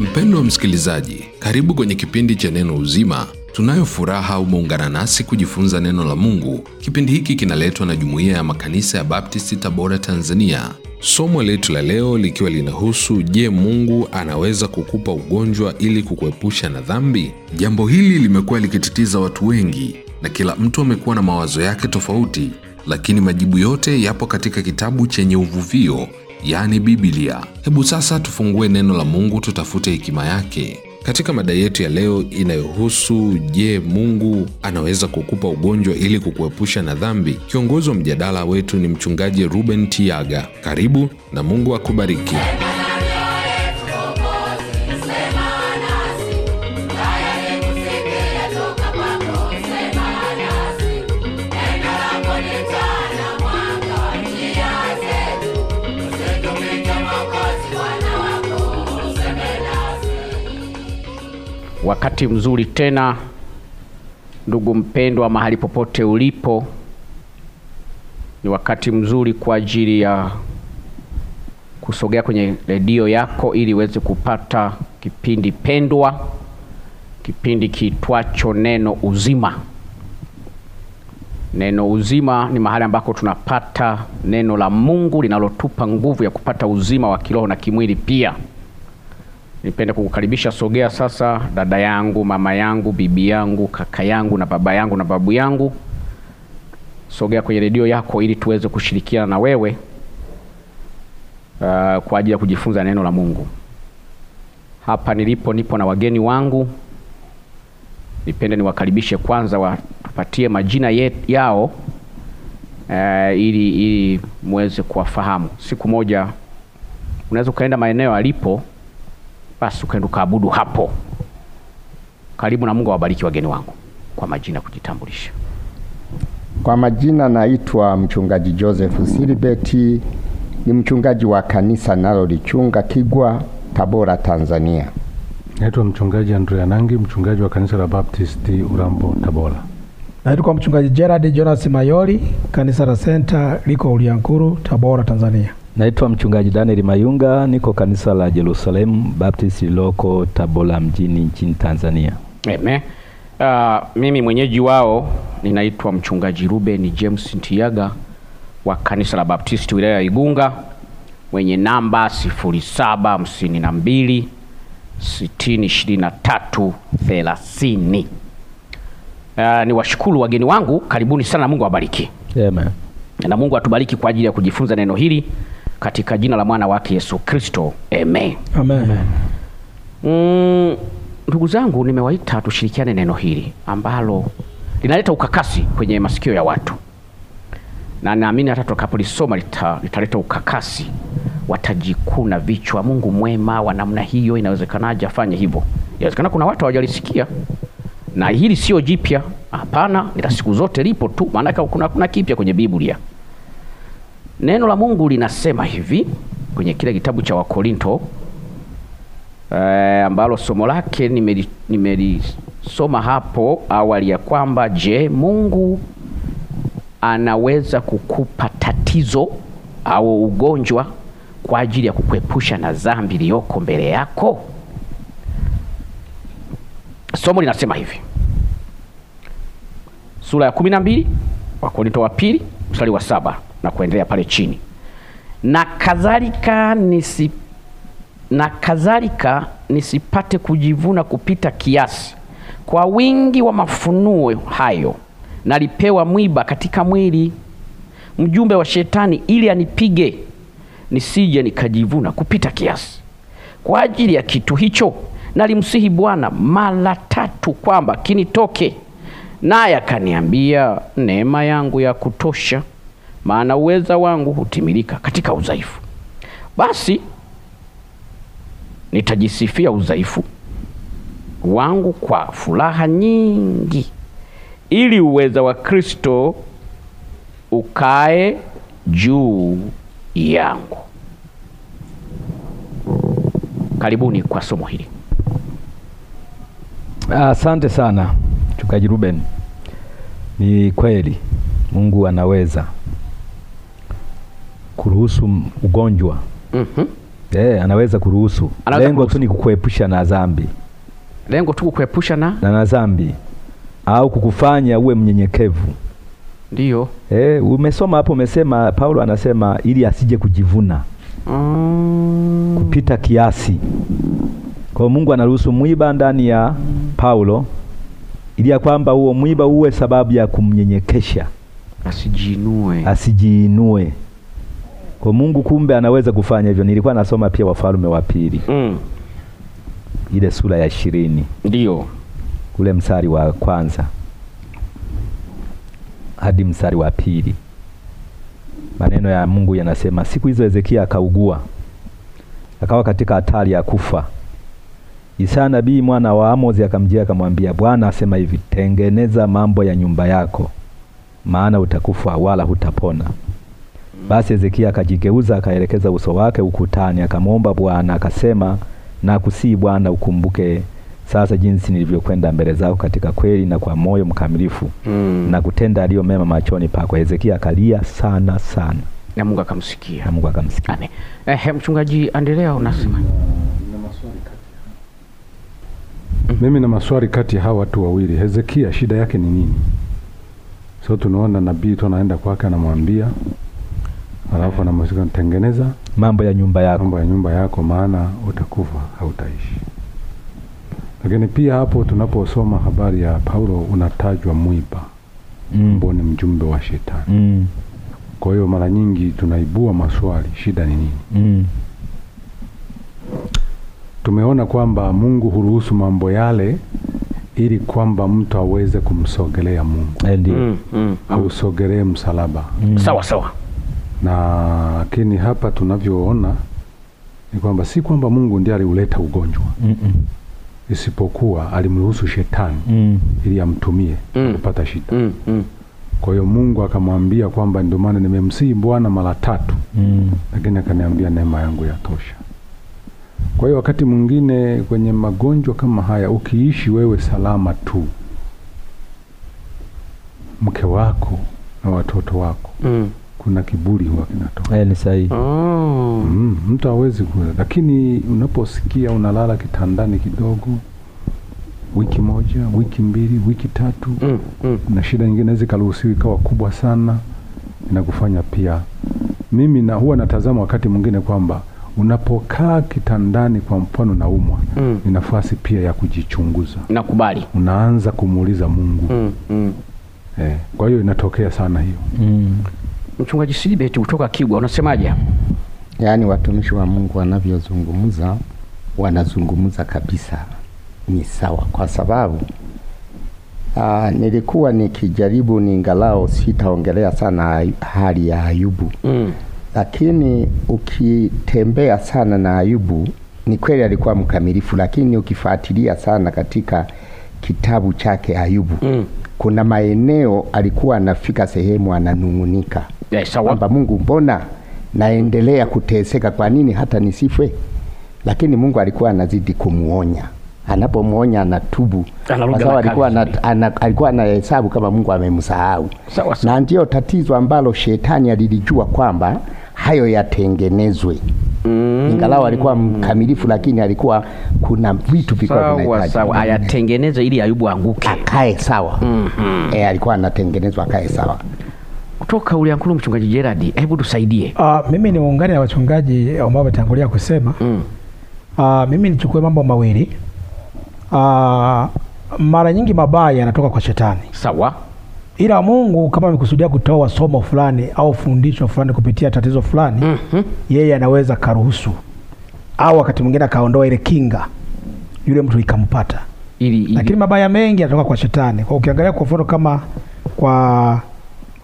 Mpendo wa msikilizaji, karibu kwenye kipindi cha Neno Uzima. Tunayo furaha umeungana nasi kujifunza neno la Mungu. Kipindi hiki kinaletwa na Jumuiya ya Makanisa ya Baptisti, Tabora, Tanzania. Somo letu la leo likiwa linahusu je, Mungu anaweza kukupa ugonjwa ili kukuepusha na dhambi? Jambo hili limekuwa likitatiza watu wengi na kila mtu amekuwa na mawazo yake tofauti, lakini majibu yote yapo katika kitabu chenye uvuvio yaani Biblia. Hebu sasa tufungue neno la Mungu, tutafute hekima yake katika mada yetu ya leo inayohusu je, Mungu anaweza kukupa ugonjwa ili kukuepusha na dhambi? Kiongozi wa mjadala wetu ni mchungaji Ruben Tiaga. Karibu na Mungu akubariki. Wakati mzuri tena, ndugu mpendwa, mahali popote ulipo, ni wakati mzuri kwa ajili ya kusogea kwenye redio yako ili uweze kupata kipindi pendwa, kipindi kitwacho Neno Uzima. Neno Uzima ni mahali ambako tunapata neno la Mungu linalotupa nguvu ya kupata uzima wa kiroho na kimwili pia nipende kukukaribisha. Sogea sasa, dada yangu, mama yangu, bibi yangu, kaka yangu na baba yangu na babu yangu, sogea kwenye redio yako ili tuweze kushirikiana na wewe uh, kwa ajili ya kujifunza neno la Mungu. Hapa nilipo nipo na wageni wangu, nipende niwakaribishe kwanza, wapatie majina yet, yao uh, ili, ili muweze kuwafahamu. Siku moja unaweza ukaenda maeneo alipo basi ukaenda ukaabudu hapo. Karibu na Mungu awabariki wageni wangu. Kwa majina kujitambulisha. Kwa majina naitwa mchungaji Joseph Silibeti, ni mchungaji wa kanisa nalo lichunga Kigwa, Tabora, Tanzania. Naitwa mchungaji Andrea Nangi, mchungaji wa kanisa la Baptisti Urambo, Tabora. Naitwa mchungaji Gerard Jonas mayoli kanisa la Senta liko Uliankuru, Tabora, Tanzania. Naitwa mchungaji Daniel Mayunga, niko kanisa la Jerusalem Baptist liloko Tabora mjini nchini Tanzania. Amen. Uh, mimi mwenyeji wao ninaitwa mchungaji Ruben James Ntiyaga wa kanisa la Baptist wilaya ya Igunga mwenye namba 0752602330. Uh, ni washukuru wageni wangu, karibuni sana. Mungu awabariki. Amen. Na Mungu atubariki kwa ajili ya kujifunza neno hili katika jina la mwana wake Yesu Kristo Amen. Amen. Mm, ndugu zangu, nimewaita tushirikiane neno hili ambalo linaleta ukakasi kwenye masikio ya watu, na naamini hata litaleta lita, ukakasi, watajikuna vichwa, Mungu mwema wa namna hiyo, inawezekanaje afanye hivyo? Inawezekana kuna watu hawajalisikia, na hili sio jipya. Hapana, ni la siku zote, lipo tu, maanake kuna, kuna kipya kwenye Biblia. Neno la Mungu linasema hivi kwenye kile kitabu cha Wakorinto eh, ambalo somo lake nimelisoma hapo awali ya kwamba je, Mungu anaweza kukupa tatizo au ugonjwa kwa ajili ya kukuepusha na dhambi iliyoko mbele yako? Somo linasema hivi, sura ya kumi na mbili Wakorinto wa pili mstari wa saba na kuendelea pale chini na kadhalika nisi, na kadhalika nisipate kujivuna kupita kiasi. Kwa wingi wa mafunuo hayo nalipewa mwiba katika mwili, mjumbe wa Shetani, ili anipige nisije nikajivuna kupita kiasi. Kwa ajili ya kitu hicho nalimsihi Bwana mara tatu kwamba kinitoke, naye akaniambia, neema yangu ya kutosha maana uweza wangu hutimilika katika udhaifu. Basi nitajisifia udhaifu wangu kwa furaha nyingi, ili uweza wa Kristo ukae juu yangu. Karibuni kwa somo hili. Asante sana Mchungaji Ruben. Ni kweli Mungu anaweza kuruhusu ugonjwa mm -hmm. E, anaweza kuruhusu lengo tu ni kukuepusha na dhambi, lengo tu kukuepusha na na dhambi au kukufanya uwe mnyenyekevu. ndio E, umesoma hapo, umesema Paulo anasema ili asije kujivuna mm. kupita kiasi. Kwa Mungu anaruhusu mwiba ndani ya Paulo ili ya kwamba huo mwiba uwe sababu ya kumnyenyekesha, asijiinue, asijiinue. Kwa Mungu kumbe anaweza kufanya hivyo. Nilikuwa nasoma pia Wafalme wa Pili mm. ile sura ya ishirini ndio ule msari wa kwanza hadi msari wa pili. Maneno ya Mungu yanasema, siku hizo Hezekia akaugua akawa katika hatari ya kufa. Isaya nabii mwana wa Amozi akamjia akamwambia, Bwana asema hivi, tengeneza mambo ya nyumba yako, maana utakufa wala hutapona. Basi Hezekia akajigeuza akaelekeza uso wake ukutani, akamwomba Bwana akasema, na Bwana, ukumbuke sasa jinsi nilivyokwenda mbele zako katika kweli na kwa moyo mkamilifu mm. na kutenda aliyo mema machoni pako. Hezekia akalia sana sana na Mungu akamsikia. Na Mungu akamsikia. Eh, mchungaji endelea, unasema mimi na maswali kati ya hawa watu wawili, Hezekia shida yake ni nini? So tunaona nabii tu anaenda kwake anamwambia alafu na mashirika tengeneza mambo ya nyumba yako, mambo ya nyumba yako, maana utakufa hautaishi. Lakini pia hapo tunaposoma habari ya Paulo unatajwa mwiba mm. mbo ni mjumbe wa shetani mm. Kwa hiyo mara nyingi tunaibua maswali, shida ni nini? mm. Tumeona kwamba Mungu huruhusu mambo yale ili kwamba mtu aweze kumsogelea Mungu. Eh, ndio. Mm, mm, mm. Ausogelee msalaba. Mm. Sawa sawa na lakini hapa tunavyoona ni kwamba si kwamba Mungu ndiye aliuleta ugonjwa mm -mm. isipokuwa alimruhusu shetani mm. ili amtumie mm. kupata shida mm -mm. Kwa hiyo Mungu akamwambia kwamba ndio maana nimemsii Bwana mara tatu mm. lakini akaniambia neema yangu yatosha. Kwa hiyo wakati mwingine kwenye magonjwa kama haya, ukiishi wewe salama tu, mke wako na watoto wako mm kuna kiburi huwa kinatoka. Eh, ni sahihi. Oh. Mm, mtu hawezi kula, lakini unaposikia unalala kitandani kidogo wiki moja, wiki mbili, wiki tatu mm, mm. na shida nyingine inaweza karuhusiwa ikawa kubwa sana, inakufanya pia. Mimi na huwa natazama wakati mwingine kwamba unapokaa kitandani kwa mfano na umwa mm. ni nafasi pia ya kujichunguza. Nakubali. Unaanza kumuuliza Mungu mm, mm. Eh, kwa hiyo inatokea sana hiyo mm. Mchungaji Silibeti kutoka Kigwa, unasemaje? Yaani watumishi wa Mungu wanavyozungumza, wanazungumza kabisa ni sawa, kwa sababu aa, ah, nilikuwa nikijaribu ni ngalao, sitaongelea sana hali ya Ayubu mm. Lakini ukitembea sana na Ayubu, ni kweli alikuwa mkamilifu, lakini ukifuatilia sana katika kitabu chake Ayubu mm kuna maeneo alikuwa anafika sehemu ananung'unika eh, kwamba Mungu, mbona naendelea kuteseka? Kwa nini hata nisifwe? Lakini Mungu alikuwa anazidi kumuonya anapomwonya anatubu, kwa sababu alikuwa ana, alikuwa anahesabu kama Mungu amemsahau. Na ndio tatizo ambalo shetani alilijua kwamba hayo yatengenezwe mm. ingalau alikuwa mkamilifu, lakini alikuwa kuna vitu vilikuwa ayatengeneze ili Ayubu anguke akae sawa mm -hmm. E, alikuwa anatengenezwa akae sawa kutoka uliankulu. Mchungaji Gerard, hebu tusaidie. Uh, mimi niungane na wachungaji ambao watangulia kusema mm. Uh, mimi nichukue mambo mawili uh, mara nyingi mabaya yanatoka kwa shetani sawa ila Mungu kama amekusudia kutoa somo fulani au fundisho fulani kupitia tatizo fulani mm -hmm. Yeye anaweza karuhusu au wakati mwingine akaondoa ile kinga, yule mtu ikampata ili, ili. Lakini mabaya mengi yanatoka kwa shetani. Kwa ukiangalia kwa mfano kama kwa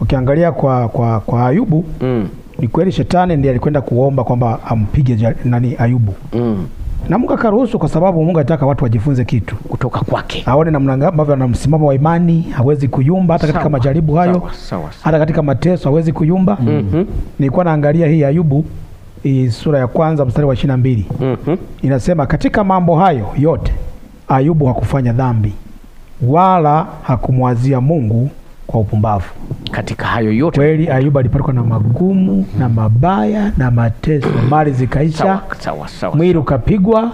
ukiangalia kwa, kwa, kwa Ayubu mm. Ni kweli shetani ndiye alikwenda kuomba kwamba ampige nani Ayubu mm na Mungu akaruhusu kwa sababu Mungu anataka watu wajifunze kitu kutoka kwake, aone namna ambavyo ana msimamo wa imani, hawezi kuyumba hata katika sawa, majaribu hayo sawa, sawa, hata katika mateso hawezi kuyumba. mm -hmm. Nilikuwa naangalia hii Ayubu hii sura ya kwanza mstari wa ishirini na mbili mm -hmm. inasema katika mambo hayo yote Ayubu hakufanya dhambi wala hakumwazia Mungu kwa upumbavu. Katika hayo yote kweli Ayubu alipatwa na magumu hmm, na mabaya na mateso, mali zikaisha, mwili ukapigwa,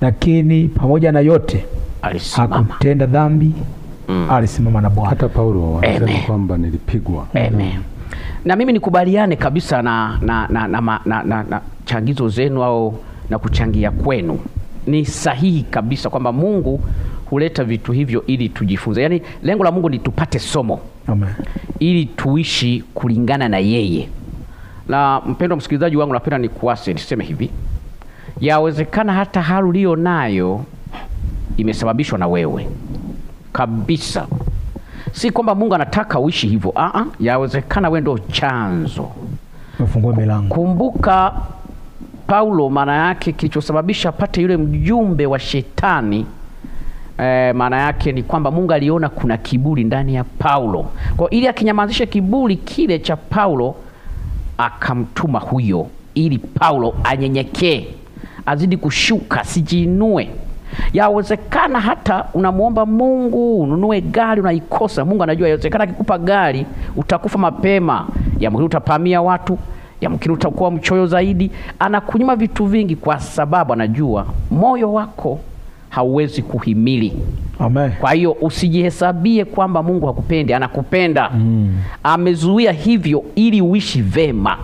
lakini pamoja na yote alisimama. hakutenda dhambi mm. alisimama na Bwana. Hata Paulo alisema kwamba nilipigwa. Amen. Na mimi nikubaliane kabisa na, na, na, na, na, na, na, na changizo zenu au na kuchangia kwenu. Ni sahihi kabisa kwamba Mungu huleta vitu hivyo ili tujifunze. Yaani lengo la Mungu ni tupate somo Amen. ili tuishi kulingana na yeye. Na mpendwa msikilizaji wangu, napenda ni nikuase niseme hivi, yawezekana hata hali uliyo nayo imesababishwa na wewe kabisa. Si kwamba Mungu anataka uishi hivyo, yawezekana wewe ndio chanzo. Mfungue milango. Kumbuka Paulo, maana yake kilichosababisha apate yule mjumbe wa shetani Eh, maana yake ni kwamba Mungu aliona kuna kiburi ndani ya Paulo. Kwa ili akinyamazishe kiburi kile cha Paulo akamtuma huyo ili Paulo anyenyekee, azidi kushuka, sijiinue. Yawezekana hata unamwomba Mungu ununue gari unaikosa. Mungu anajua, yawezekana akikupa gari utakufa mapema, yamkini utapamia watu, yamkini utakuwa mchoyo zaidi. Anakunyima vitu vingi, kwa sababu anajua moyo wako hauwezi kuhimili. Amen. Kwa hiyo usijihesabie kwamba Mungu hakupendi, anakupenda. Mm. Amezuia hivyo ili uishi vema.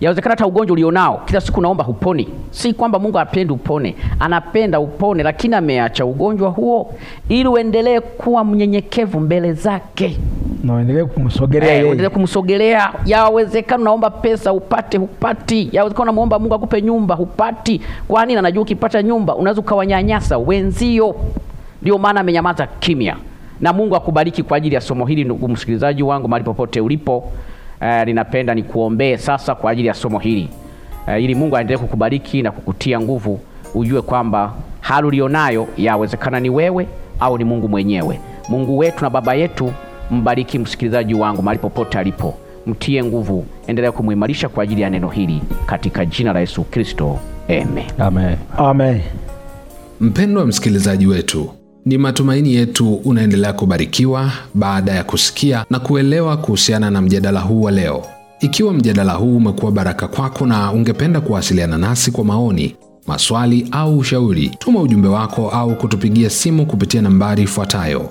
Yawezekana hata ugonjwa ulionao kila siku naomba huponi. Si kwamba Mungu apendi upone, anapenda upone, lakini ameacha ugonjwa huo ili uendelee kuwa mnyenyekevu mbele zake na waendelee kumsogelea eh, yeye, waendelee kumsogelea. Yawezekana unaomba pesa upate, hupati. Yawezekana unamuomba Mungu akupe nyumba, hupati. Kwa nini? Anajua ukipata nyumba unaweza ukawanyanyasa wenzio. Ndio maana amenyamaza kimya. Na Mungu akubariki kwa ajili ya somo hili, ndugu msikilizaji wangu, mahali popote ulipo. Eh, ninapenda nikuombee sasa kwa ajili ya somo hili eh, ili Mungu aendelee kukubariki na kukutia nguvu, ujue kwamba hali ulionayo yawezekana ni wewe au ni Mungu mwenyewe. Mungu wetu na Baba yetu Mbariki msikilizaji wangu mahali popote alipo, mtie nguvu, endelea kumwimarisha kwa ajili ya neno hili katika jina la Yesu Kristo, amen. Amen. Amen. Mpendwa msikilizaji wetu, ni matumaini yetu unaendelea kubarikiwa baada ya kusikia na kuelewa kuhusiana na mjadala huu wa leo. Ikiwa mjadala huu umekuwa baraka kwako na ungependa kuwasiliana nasi kwa maoni, maswali au ushauri, tuma ujumbe wako au kutupigia simu kupitia nambari ifuatayo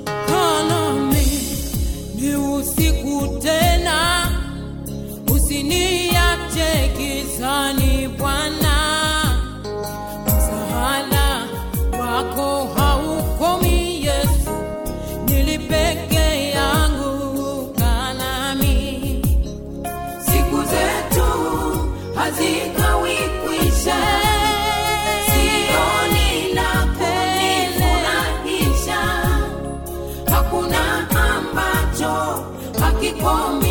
hazikawi kwisha sioni nakufurahisha hakuna ambacho hakikomi